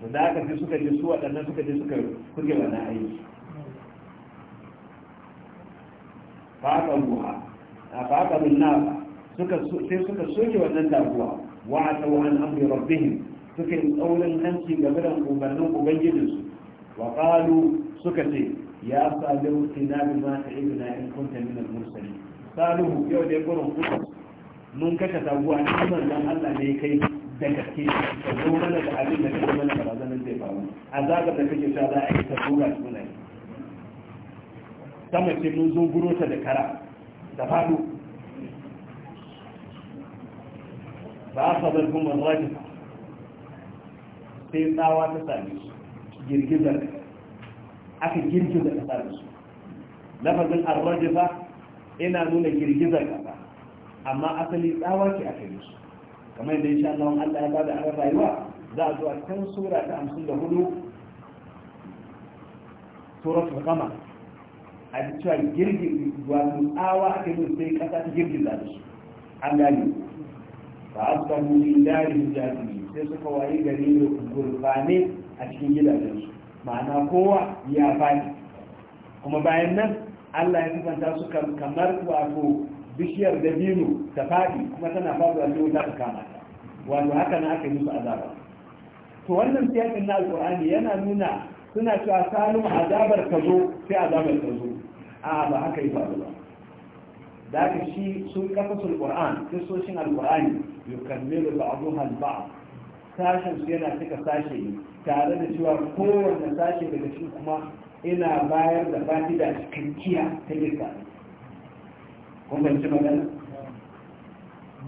to da haka sai suka je su waɗannan suka je suka kuke wannan aiki faka ruha a faka nafa sai suka soke wannan taguwa wa a tsawon amri rabbihim suka yi tsaurin hanci game da umarnin ubangijinsu wa qalu suka ce ya salihu na bi ma ta'iduna in kunta min al-mursalin salihu yau dai gurin kuka mun kashe taguwa ni manzon Allah ne kai da gaske ka zo mana da abin da kake mana barazanar zai faru azabar da kake sha za a yi ta tura su muna sama ce mun zo guro ta da kara da faɗo ba a sabar kuma rajin sai tsawa ta same su girgizar aka girgiza ƙasa da su lafazin arrajifa ina nuna girgizar ƙasa amma asali tsawa ce aka yi su kamar yadda insha Allah Allah ya bada a rayuwa za a zo a cikin sura ta 54 ta kama. a ji cewa girgin wato tsawa ake yi sai kasa ta girgiza da shi an gani ba a suka mu yi dari jazumi sai suka waye gari ne gurfane a cikin gidajen su ma'ana kowa ya fadi kuma bayan nan Allah ya kasanta su kamar wato bishiyar dabino ta faɗi kuma tana faɗuwa sai wuta ta kama ta wato haka na aka yi musu azaba to wannan siyasin na alƙur'ani yana nuna suna cewa salim azabar ka zo sai azabar ka zo a ba haka yi faru ba da haka shi sun kafa sul qur'an kristoshin alqur'ani yukammilu ba'daha bad sashen su yana cika sashe tare da cewa kowanne sashe daga cikin kuma ina bayar da fa'ida cikakkiya ta lissafi kun magana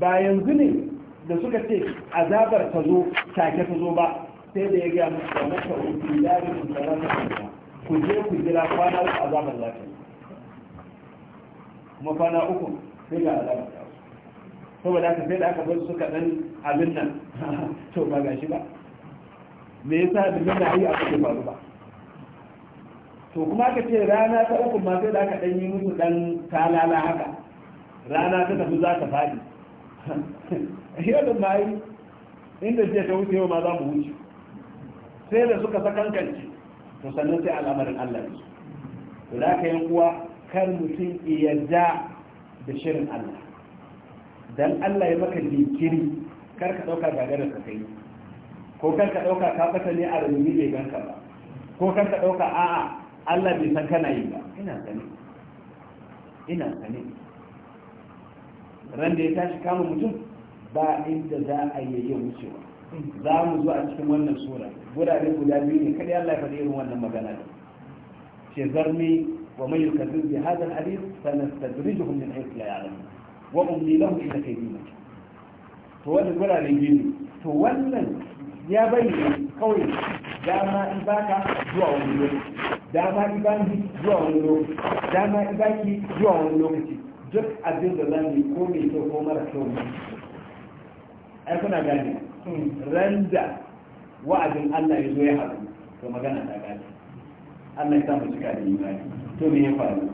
ba yanzu ne da suka ce azabar ta zo take ta zo ba sai da ya ga musu da maka da ya yi musu da maka ku je ku jira kwana uku azabar za ta kuma kwana uku sai ga azabar ta saboda haka sai da aka bar suka dan abin nan to ba gashi ba me yasa da na yi abu faru ba to kuma aka ce rana ta uku ma sai da aka dan yi musu dan talala haka rana ta tafi za ta faɗi yadda ma yi inda jiya ta wuce ma za mu wuce sai da suka sakankance to sannan sai al'amarin Allah ne to da ka yan uwa kar mutum iya da da shirin Allah dan Allah ya maka jinkiri kar ka dauka gagarar ka kai ko kar ka dauka ka fata ne a rumi bai ganka ba ko kar ka dauka a'a Allah bai san kana yi ba ina sani ina sani ran da ya tashi kama mutum ba inda za a yi ya wucewa za mu zuwa a cikin wannan sura gurare guda biyu ne kada Allah ya faɗi irin wannan magana da ce zarmi wa mai yukazzib bi hadha al-hadith sanastadrijuhum min haythu la ya'lamun wa umli lahum inna kaydina to wannan gurare biyu ne to wannan ya bayyana kawai dama in baka zuwa wani lokaci dama in baki zuwa wani lokaci dama in baki zuwa wani lokaci duk abin da zamu yi ko mai kyau ko mara kyau ne ai kuna gane randa wa'adin Allah ya zo ya haɗu to magana ta gane Allah ya samu cika da imani to me ya faru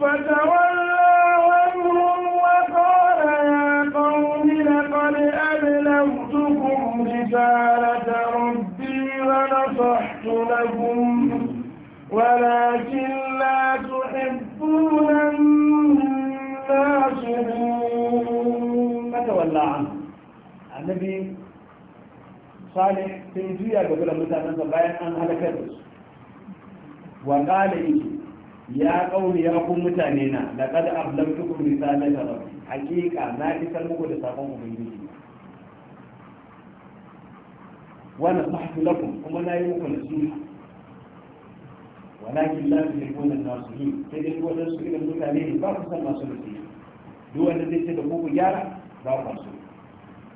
fatawalla anhum wa qala ya qawmi laqad ablagtukum risalata rabbi wa ولكن annabi salih sun juya gaba mutanen mutanensa bayan an halakar da su wa yake ya kauri ya kun mutane na laqad ablamtukum risalata rabbi Hakika na isar muku da sakon ubangiji wa nasahtu lakum kuma na yi muku nasiha walakin la tuhibbuna an-nasihin sai dai su irin mutane ne ba ku san masu nasiha duk wanda zai ce da ku gyara ba ku so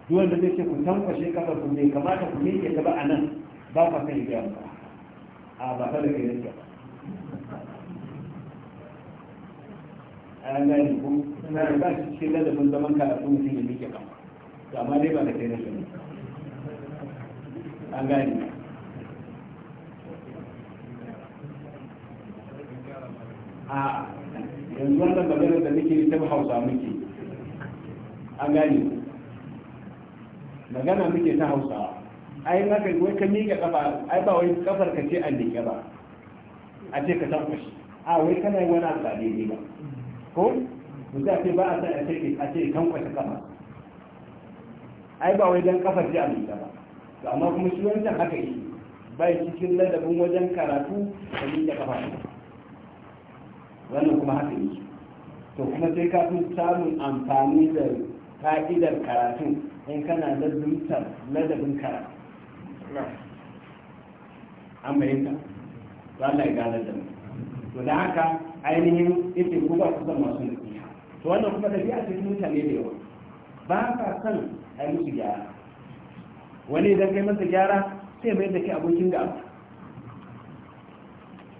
duk wanda zai ku tankwashe kafar ku bai kamata ku miƙe ta ba a nan ba ku kan iya ba a ba ta da kai nake ba An gani ku na da ba shi cikin ladabin zaman karatu mutum ya miƙe ba to amma dai ba da kai nake ba an gani a yanzu wannan maganar da nake ta hausa muke an gani magana muke ta hausawa ai maka wai ka miƙa kafa ai ba wai kafar ka ce an dike ba a ce ka tankashi a wai kana yi wani alƙali ne ba ko mu za ce ba a san a ce a ce tankashi kafa ai ba wai dan kafar ce an dike ba to amma kuma shi wancan haka yi bai cikin ladabin wajen karatu da miƙa kafa wannan kuma haka yi to kuma sai ka fi samun amfani da ka'idar karatu in kana lazumtar ladabin kara an bayyanta za a ya gane da mu to da haka ainihin ita kuma ba ku san masu to wannan kuma da biya cikin mutane da yawa ba ka san yi musu gyara wani idan kai masa gyara sai mai da ke abokin da abu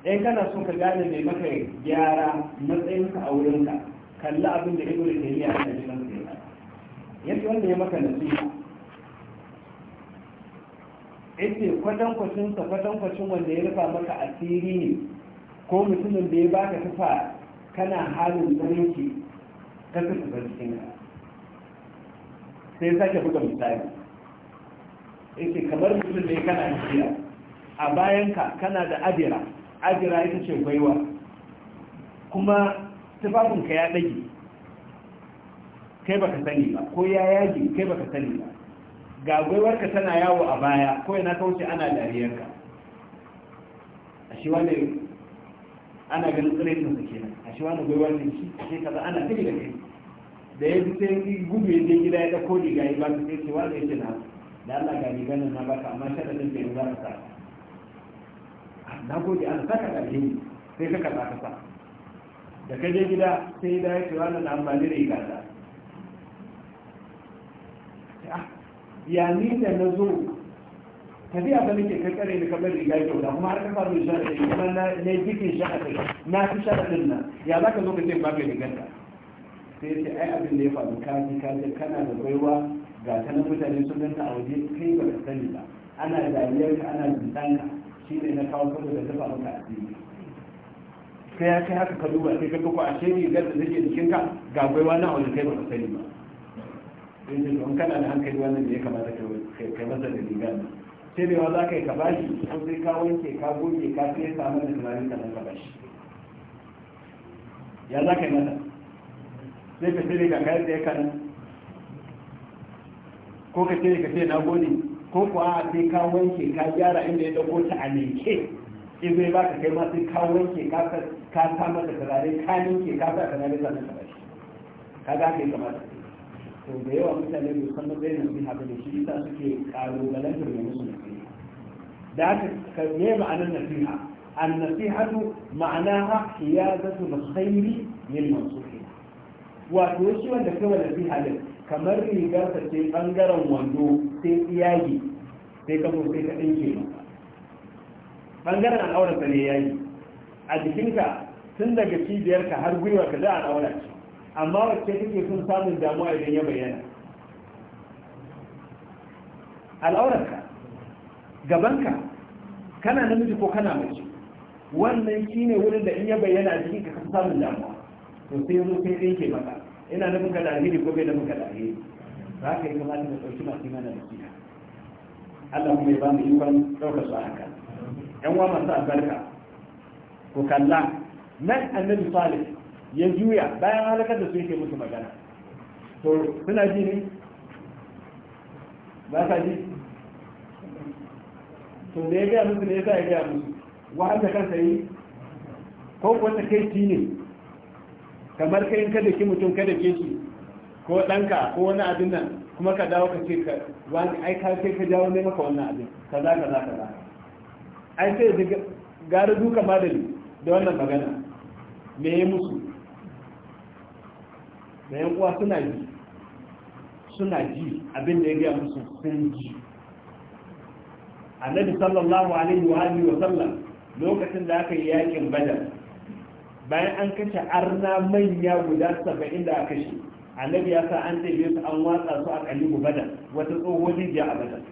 in kana so ka gane mai maka gyara matsayinka a wurinka kalli abin da ya ibnu taymiya ya ce nan yadda wanda ya maka nasiha yace kwatankwacin sa kwatankwacin wanda ya rufa maka asiri ne ko mutumin da ya baka tufa kana halin zanenki ka kasa zarcin ka sai sake buga misali yace kamar mutum ya kana nasiha a bayanka kana da ajira ajira ita ce baiwa kuma tufafinka ya ɗage kai baka sani ba ko ya yaji kai baka sani ba ga ka tana yawo a baya ko yana kauce ana ka a shi wani ana ganin tsiraitinsa kenan a shi wani gwiwar ne shi sai kaza ana fili da kai da ya fi sai gudu ya je gida ya ɗauko riga ya ba su sai ce wanda ya ce na da Allah ga ganin na baka amma sharadin da yanzu za ka sa na gode ana saka da alheri sai ka karɓa ka sa da ka je gida sai da ya ce wani na amfani da yi ta Ah, ya ni da na zo tafiya ba ne ke kare da kamar riga da kuma har kafa mai ne kuma na yi jikin sharaɗin na fi sharaɗin nan ya za ka zo ka ce ba mai rigar sai ce ai abin da ya faru kaji kaji kana da baiwa ga ta mutane sun ganta a waje kai ba ka sani ba ana dariyar ka ana zintanka shi ne na kawo kabo da dafa maka asiri sai ya kai haka ka duba sai ka duka a shiri gar da take jikinka ga baiwa na waje kai ba ka sani ba don yi don kana da hankali wannan da ya kamata kai masa da riga ne sai da za ka yi ka bashi ko sai ka wanke ka goge ka sai samu da tunanin ka ka bashi ya za ka yi mata sai ka sai ka kayar da kanan ko ka sai ka sai na gode ko kuwa sai ka wanke ka gyara inda ya dauko ta a leke in zai ba ka kai ma sai ka wanke ka sa masa turare ka ninke ka sa turare sannan ka bashi ka ga ka yi kamata to da yawa mutane bai san zai nasiha ba da shi yasa suke kalubalantar da musu nasiha da haka ka me ma'anar nasiha an nasiha annasihatu ma'anaha qiyadatu al-khayri lil mansuhin wato shi wanda kai wa nasiha din kamar rigar ta ce bangaren wando sai iyagi sai ka sai ka dinke bangaren al'aurar ne yayi a jikinka tun daga cibiyarka har gwiwa ka za a al'aura ce amma wacce take sun samun damuwa idan ya bayyana al'aurarka gabanka kana namiji ko kana mace wannan shi ne wurin da in ya bayyana a cikin ka samun damuwa to sai yanzu sai ɗin ke maka ina nufin ka da ko bai nufin ka da za ka yi kamata ka ɗauki masu imana da kina Allah kuma ya ba mu ikon ɗaukar su a haka ƴan wa masu albarka ko kalla nan annabi salih ya juya bayan halakar da su yake musu magana to suna ji ne ba sa ji to da ya gaya musu ne ya sa ya gaya musu wa'anda kansa yi ko wata kai ci ne kamar kayan kada ki mutum kada ke shi ko ɗanka ko wani abin nan kuma ka dawo ka ce ka wani ai ka ce ka jawo ne maka wannan abin Ka ka za ka za ai sai ji gara duka madali da wannan magana me ya musu da yan uwa suna ji suna ji abin da ya gaya musu sun ji annabi sallallahu alaihi wa alihi wa sallam lokacin da aka yi yakin badar bayan an kashe arna manya guda saba'in da aka kashe annabi ya sa an ɗebe su an watsa su a kalibu badar wata tsohon rijiya a badar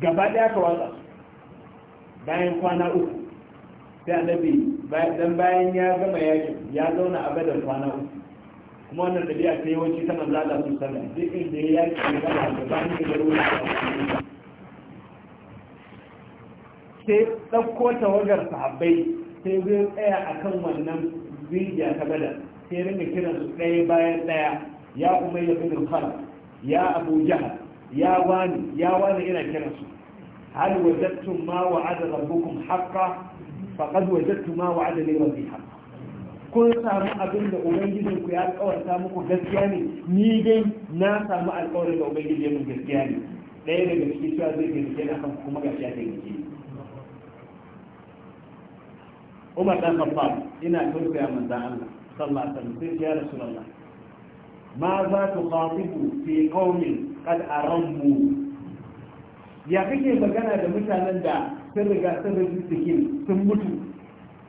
gaba ɗaya ka watsa bayan kwana uku sai annabi dan bayan ya gama yakin ya zauna a badar kwana uku kuma wannan dabi'a ta yawanci ta manzo Allah su sallah duk inda ya yaki da gaba da ba ni da ruwa sai ɗauko tawagar sahabbai sai zai tsaya akan wannan rijiya ta bada sai ringa kira su ɗaya bayan ɗaya ya umayya bin khalaf ya abu jahal ya wani ya wani ina kira su hal wajadtum ma wa'ada rabbukum haqqan faqad wajadtum ma wa'ada li rabbikum kun samu abin da ubangijin ku ya alƙawarta muku gaskiya ne ni dai na samu alƙawarin da ubangiji mun gaskiya ne ɗaya daga cikin cewa zai taimake na kan kuma gaskiya ya taimake Umar dan Khattab ina tausaya manzon Allah sallallahu alaihi wasallam sai ya Rasulullah ma za ku khatibu fi qaumin qad arammu ya kake magana da mutanen da sun riga sun rubuta sun mutu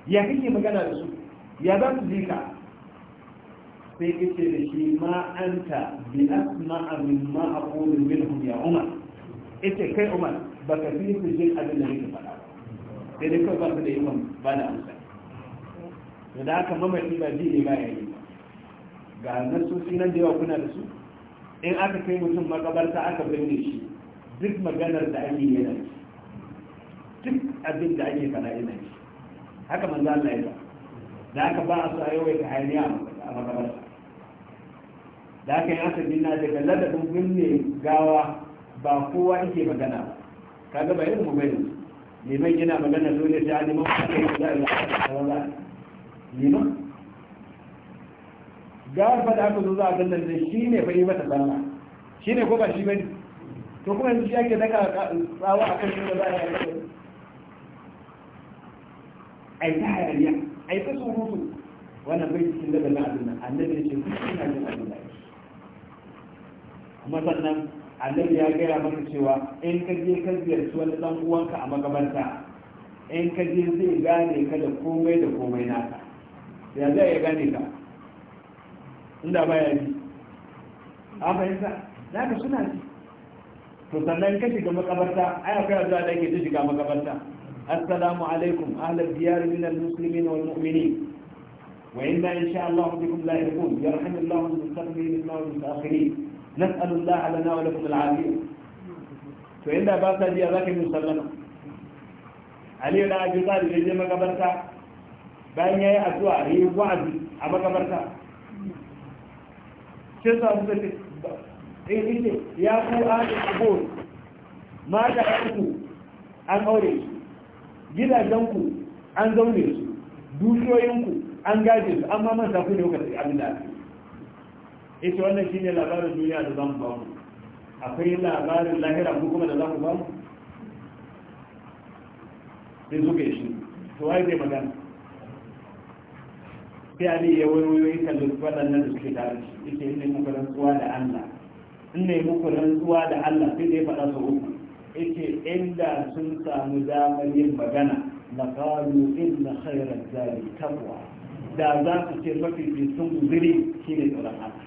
ya kake magana da su ya zan zika sai kace da shi ma anta bi asma, min ma aqulu minhum ya umar ita kai umar baka fi su jin abin da nake faɗa sai dai kawai ba su da imam ba da amsa da aka mamaki ba ji ne ba ya yi ga nasosi nan da yawa kuna da su in aka kai mutum makabarta aka binne shi duk maganar da ake yi yana duk abin da ake faɗa yana haka manzo Allah ya da aka ba a su a yawaita hayaniya a makabarta da aka yi sabbin na daga ladabin binne gawa ba kowa yake magana ba kaga ba irin mu bane liman yana magana dole sai an liman ka kai da Allah liman gawar fa da aka zo za a gannan da shi ne fa yi mata shi ne ko ba shi bane to kuma yanzu shi ake daga tsawa kan shi da za a yi yi ta hayaniya ai ta surutu wannan bai cikin daga na abin nan annabi ya ce ku ina jin abin da kuma sannan annabi ya gaya maka cewa in ka je ka ziyarci wani dan uwanka a magabanta in ka je zai gane ka da komai da komai naka ya zai ya gane ka inda ya ji a fahimta ka suna ji to sannan ka shiga makabarta ai akwai abuwa da ake ta shiga makabarta السلام عليكم أهل الديار من المسلمين والمؤمنين وإنا إن شاء الله بكم لاحقون يرحم الله المستقبلين منا والمتأخرين نسأل الله لنا ولكم العافية فإن باسا دي ذاك مسلمة علي بن أبي طالب يجي مقبرتا بأن يأي أدواء هي وعد أما قبرتا شو صار إيه إيه يا أخو آل القبور ماذا يأتوا عن أوريش gidajenku an zaune su dukiyoyinku an gaje su amma manta ku ne kuka sai abin da ake ita wannan shine labarin duniya da zamu ba mu akwai labarin lahira ko kuma da zamu ba mu sai zuke shi to wai zai magana sai ali ya wayoyo kallon kalli waɗannan da suke tare shi Ita yi muku rantsuwa da Allah in ne muku rantsuwa da Allah sai dai faɗa su uku yake inda sun samu damar yin magana na kalu inna khairar zari takwa da za su ce mafi sun guziri shi ne tsoron Allah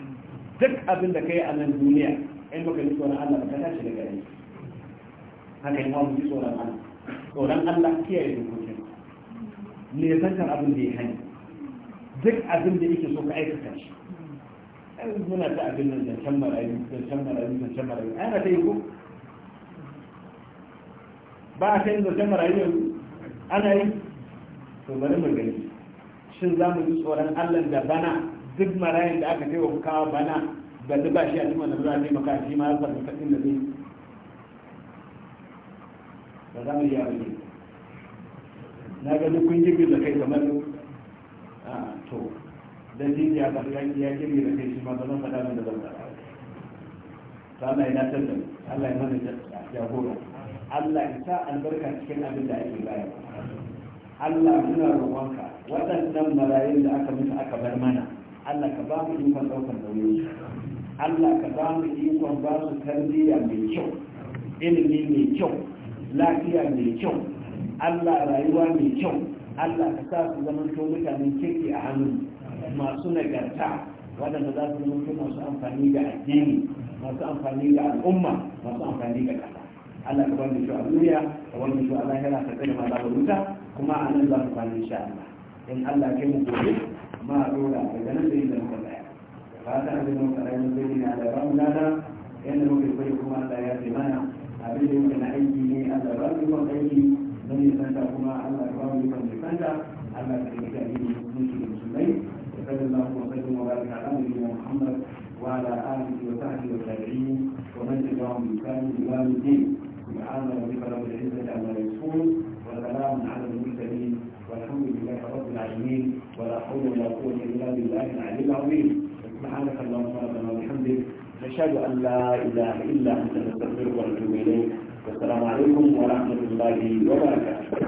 duk abin da kai a nan duniya in baka ji tsoron Allah ba ka tashi daga yi, haka yi mu ji tsoron Allah tsoron Allah kiyaye dokokin ne zantar abin da ya hani duk abin da yake so ka aikata shi muna ta abin nan zancen marayu zancen marayu zancen marayu ana ta yi ko ba a kai zancen marayu yanzu ana yi to bari mu gani shin za mu ji tsoron allah da bana duk marayun da aka kai wa kawo bana ba ba shi a cikin wannan zuwa maka shi ma ya samu kasin da zai ba za mu yi yawon yi na ga duk kun girbi da kai kamar to da jini ya zafi yanki ya girbi da kai shi ma ba zan faɗa min da zan faɗa ta Allah ya natar da Allah ya mana jagora Allah ya sa albarka cikin abin da ake bayar Allah muna roƙonka waɗannan marayun da aka mutu aka bar mana Allah ka ba mu ikon ɗaukar nauyin Allah ka ba mu ikon ba su tarbiyya mai kyau ilimi mai kyau lafiya mai kyau Allah rayuwa mai kyau Allah ka sa su zama to mutanen kirki a hannu masu nagarta waɗanda za su zama masu amfani da addini masu amfani da al'umma masu amfani da ƙasa Allah ka bani shi a duniya ka bani shi a lahira ka kai ma da wuta kuma a nan za mu shi a Allah in Allah kai mu gobe ma dora daga nan da inda muka tsaya fata da mun tsaya mun zai na da ramu nada yanda muke kai kuma Allah ya ce mana abin da yake na aiki ne Allah ba mu kan aiki dan ne santa kuma Allah ba mu kan santa Allah ka yi kai mu mutunci da musulmai sallallahu alaihi wa sallam ala nabiyina Muhammad وعلى آله وصحبه والتابعين ومن تبعهم بإحسان إلى يوم الدين سبحانه ربك رب العزة عما يصفون وسلام على المرسلين والحمد لله رب العالمين ولا حول ولا قوة إلا بالله العلي العظيم سبحانك اللهم ربنا وبحمدك نشهد أن لا إله إلا أنت نستغفرك ونتوب إليك والسلام عليكم ورحمة الله وبركاته